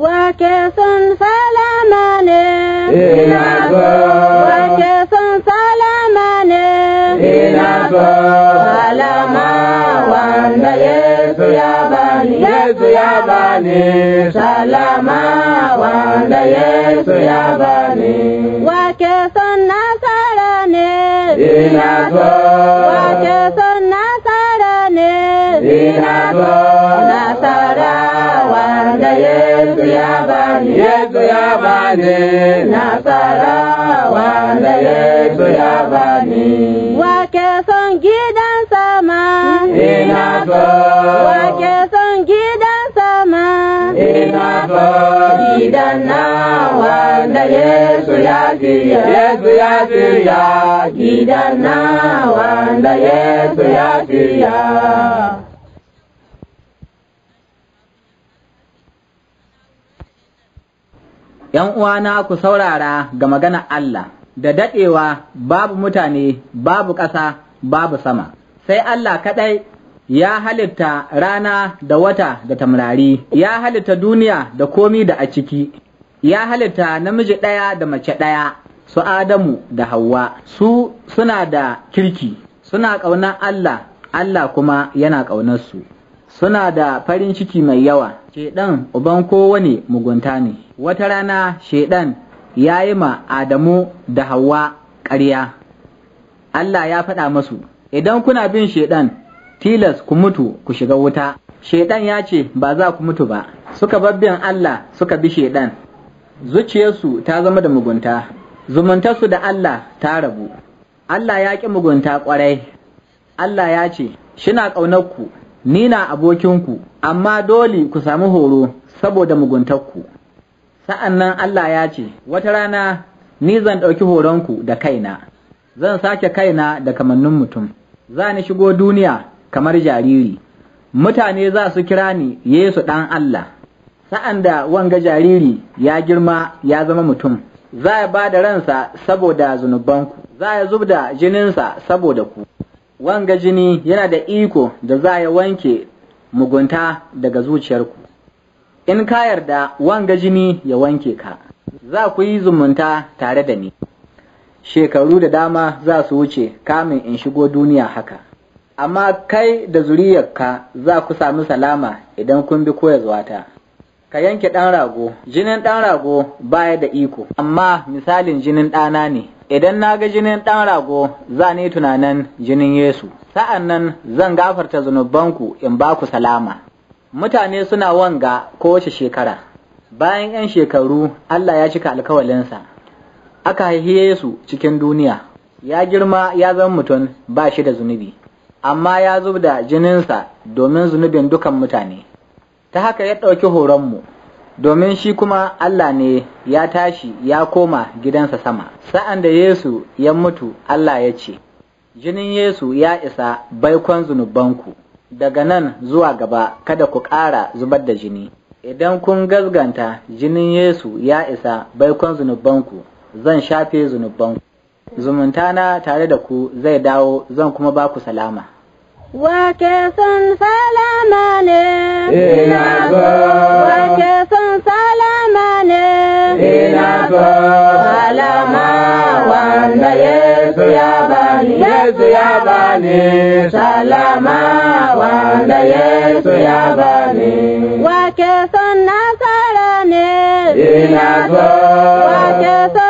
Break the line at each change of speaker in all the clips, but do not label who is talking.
وكاس سلامان إنك وكاس سلامان إنك سلاما وأنت يسو يا بني يسو يا
بني سلاما وأنت يسو يا بني
وكاس نصراني إنك وكاس نصراني إنك
yabani nasara wanda yesu
yabani wake son gidan sama ina so wake son gidan sama ina so na wanda yesu ya siya yesu
ya siya gidan na wanda yesu ya siya
‘yan uwana ku saurara ga magana Allah, da daɗewa babu mutane, babu ƙasa, babu sama, sai Allah kaɗai ya halitta rana da wata da tamrari, ya halitta duniya da komi da a ciki, ya halitta namiji ɗaya da mace ɗaya, su Adamu da Hauwa, su suna da kirki, suna ƙaunar Allah, Allah kuma yana ƙaunarsu. suna da farin ciki mai yawa shedan uban kowane mugunta ne wata rana shedan ya yi ma adamu da hawa ƙarya Allah ya faɗa masu idan kuna bin shedan tilas ku mutu ku shiga wuta shedan ya ce ba za ku mutu ba suka babbin Allah suka bi shedan zuciyarsu ta zama da mugunta zumuntarsu da Allah ta rabu Allah ya ƙi mugunta ƙwarai Allah ya ce shina ƙaunarku ni na abokinku amma dole ku sami horo saboda muguntakku. sa'an nan Allah ya ce wata rana ni zan ɗauki horonku da kaina zan sake kaina da kamannin mutum za ni shigo duniya kamar jariri mutane za su kira ni Yesu ɗan Allah sa'an da wanga jariri ya girma ya zama mutum za ya ba da ransa saboda zunubanku za ya zub da jininsa saboda ku wanga jini yana da iko da za ya wanke mugunta daga zuciyarku in ka yarda wanga jini ya wanke ka za ku yi zumunta tare da ni shekaru da dama za su wuce kamin in shigo duniya haka amma kai da zuriyarka za ku sami salama idan kun bi koyarwata ka yanke ɗan rago jinin ɗan rago baya da iko amma misalin jinin ɗana ne idan na ga jinin ɗan rago za ni tunanin jinin Yesu, sa'an nan zan gafarta zunubanku in ba ku salama. Mutane suna wanga kowace shekara, bayan ‘yan shekaru Allah ya cika alkawalinsa, aka haihi Yesu cikin duniya, ya girma ya zama mutum ba shi da zunubi, amma ya zub da jininsa domin zunubin dukan mutane. Ta haka ya ɗauki horonmu. domin shi kuma Allah ne ya tashi ya koma gidansa sama sa'an da Yesu ya mutu Allah ya ce jinin Yesu ya isa baikon zunubanku daga nan zuwa gaba kada ku ƙara zubar da jini idan kun gazganta jinin Yesu ya isa baikon zunubanku zan shafe zunubanku zumuntana tare da ku zai dawo zan kuma ba ku salama
wake son salama ne ina zo salamane inako salama wanda Yesu ya bani Yesu ya bani salama wanda Yesu ya bani wake son nasara ne inako wake son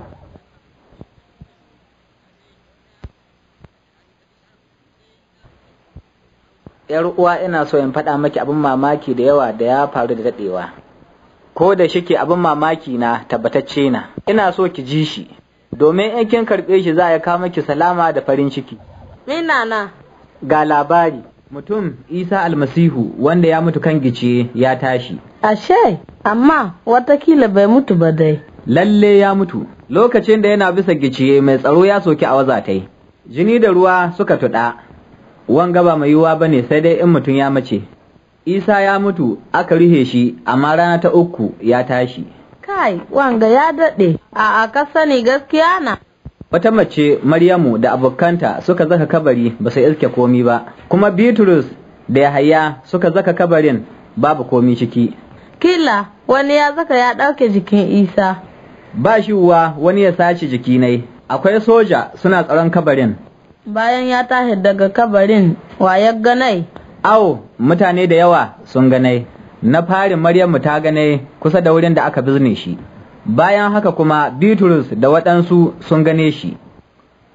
yar uwa ina so in faɗa maki abin mamaki da yawa da ya faru da daɗewa ko da shike abin mamaki na tabbatacce na ina so ki ji shi domin in kin karɓe shi za ya kawo maki salama da farin ciki
ina na
ga labari mutum isa almasihu wanda ya mutu kan gice ya tashi
ashe amma watakila bai mutu ba dai
lalle ya mutu lokacin da yana bisa giciye mai tsaro ya soki a wazatai jini da ruwa suka tuɗa wanga ba mai yiwuwa bane sai dai in mutum ya mace isa ya mutu aka rufe shi amma rana ta uku ya tashi
kai wanga ya daɗe a a ka sani gaskiya na
wata mace maryamu da abokanta suka zaka kabari ba su iske komi ba kuma bitrus da yahaya suka zaka kabarin babu komi ciki
kila wani ya zaka ya ɗauke jikin isa
ba shi wani ya sace jiki nai akwai soja suna tsaron kabarin
bayan ya tashi daga
kabarin ya ganai awo mutane da yawa sun ganai na farin maryamu ta ganai kusa da wurin da aka bizne shi bayan haka kuma bitrus da waɗansu sun gane shi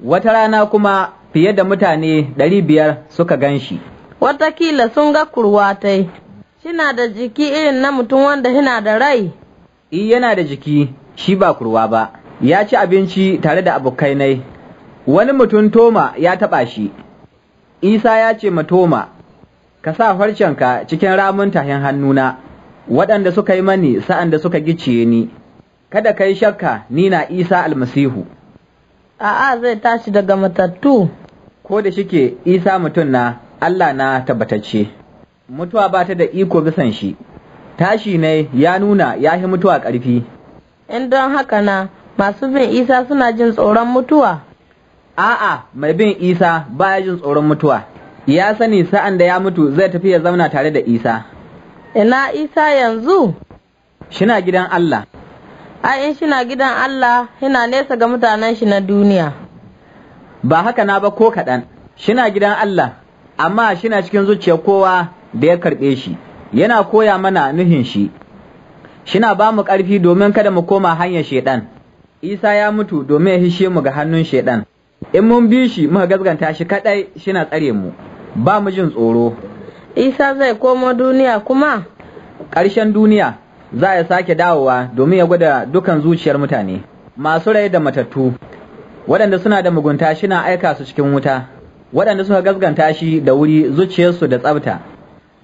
wata rana kuma fiye da mutane ɗari biyar suka gan shi
watakila sun ga kurwatai shina da jiki irin na mutum wanda yana da rai
I yana da jiki shi ba kurwa ba ya ci abinci tare da abokai wani mutum toma ya taɓa shi isa ya ce ma toma ka sa farcenka cikin ramun tahin hannuna waɗanda suka yi mani sa'an da suka giciye ni kada ka yi shakka ni na isa almasihu a'a zai tashi daga
matattu
ko da shike isa mutum na allah na tabbatacce mutuwa ba ta da iko bisan shi tashi ne ya nuna ya yi mutuwa ƙarfi in don haka na masu bin isa suna jin tsoron mutuwa a'a mai bin isa baya jin tsoron mutuwa ya sani sa'an da ya mutu zai tafi ya zauna tare da isa
ina isa yanzu shina gidan allah a in shina gidan allah
yana nesa ga mutanen
shi na duniya
ba haka na ba ko kaɗan shina gidan allah amma shina cikin zuciyar kowa da ya karɓe shi yana koya mana nuhin shi shina ba mu ƙarfi domin kada mu koma hanyar shaiɗan isa ya mutu domin ya hishe mu ga hannun shaiɗan in mun bi shi muka gazganta shi kadai shina tsare mu ba mu jin tsoro isa zai komo duniya kuma ƙarshen duniya za ya sake dawowa domin ya gwada dukan zuciyar mutane masu rai da matattu waɗanda suna da mugunta shina aika su cikin wuta waɗanda suka gazganta shi da wuri zuciyarsu da tsabta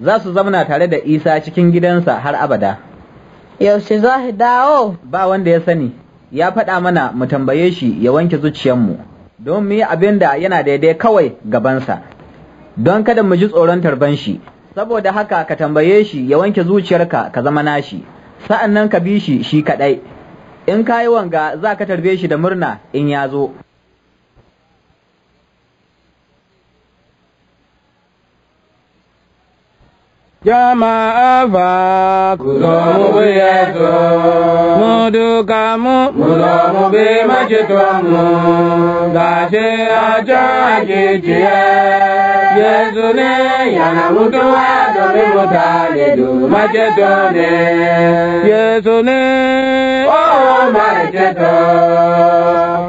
za su zamana tare da isa cikin gidansa har abada yaushe za dawo ba wanda ya sani ya faɗa mana mu tambaye shi ya wanke zuciyarmu don mu yi abin da yana daidai kawai gabansa don kada mu ji tsoron tarban shi saboda haka ka tambaye shi ya wanke zuciyarka ka zama nashi sa'an nan ka bi shi shi kaɗai in ka yi wanga za ka tarbe shi da murna in ya zo jama ava
kulomu buyeto mudukamu mulomu bimachitwamu gashe aja ajijiye yesu ne yana mutu adomi mutale ne. yesu ne oh marcheto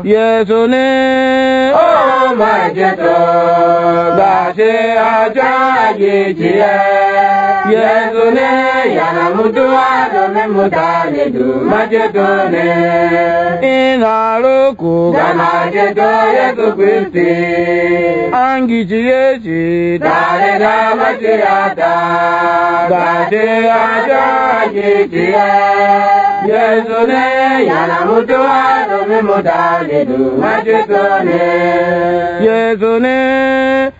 Yesu ne o majeto gashi aja agejiye Yesu ne yana mutuwa domin mutane du majeto ne ina roko ga majeto Yesu Kristi an gijiye shi tare da majiyata gashi aja agejiye
Yesu ne yana mutuwa domin
mutane ಮಜುತ್ತಾನೆ ಯೇಸುನೇ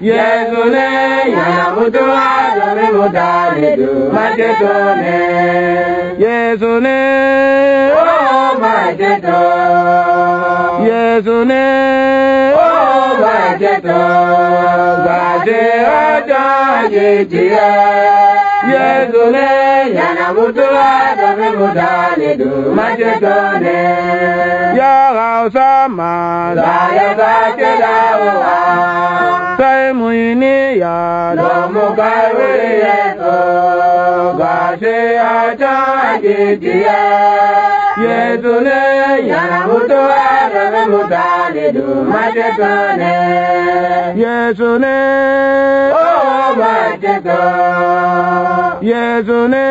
yezune yana mutuwa domin mu tare da majedone yezune oh to. yezune oh majedo gaje ojo ajejiya Yezule yana mutuwa da mai mutane mace tone ya hausa ma za ya sake dawowa sai mu yi niyya don mu kai wuri yanzu ba shi a can ajijiya yezole yana mutuwa da mai mutane mace tone Yesu ne. Oh my God. Yesu ne.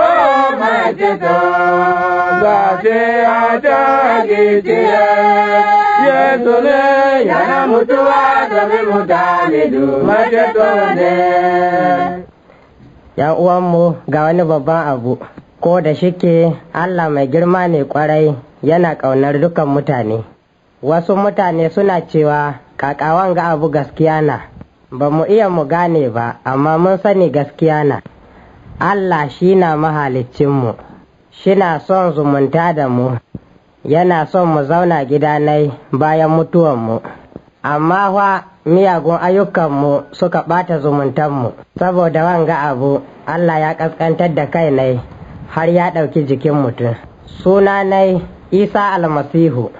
Oh my God. Gashi aja gijiya. Yesu ne yana mutuwa domin mu gane mace ne.
‘Yan uwanmu ga wani babban abu, ko da shike Allah mai girma ne kwarai yana ƙaunar dukan mutane. Wasu mutane suna cewa kakawan ga abu gaskiya na ba mu iya mu gane ba amma mun sani gaskiya na Allah shi na mahaliccinmu. shi na son zumunta da mu yana son mu zauna gidanai bayan mutuwanmu amma fa miyagun ayyukanmu suka ɓata zumuntanmu saboda wanga abu Allah ya ƙasƙantar da kai nai har ya ɗauki jikin mutum suna nai isa almasihu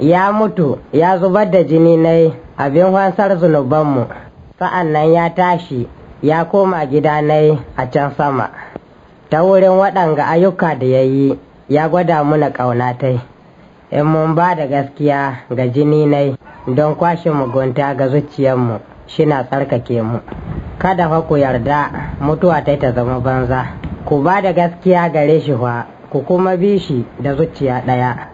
ya mutu ya zubar da jini na abin hansar zunubanmu sa'an nan ya tashi ya koma gida na a can sama ta wurin waɗanga ayyuka da ya yi ya gwada muna ƙaunatai in mun ba da gaskiya ga jini na don kwashe mugunta ga zuciyarmu shina tsarkake mu kada fa ku yarda mutuwa ta ta zama banza ku ba da gaskiya gare shi fa ku kuma bi shi da zuciya ɗaya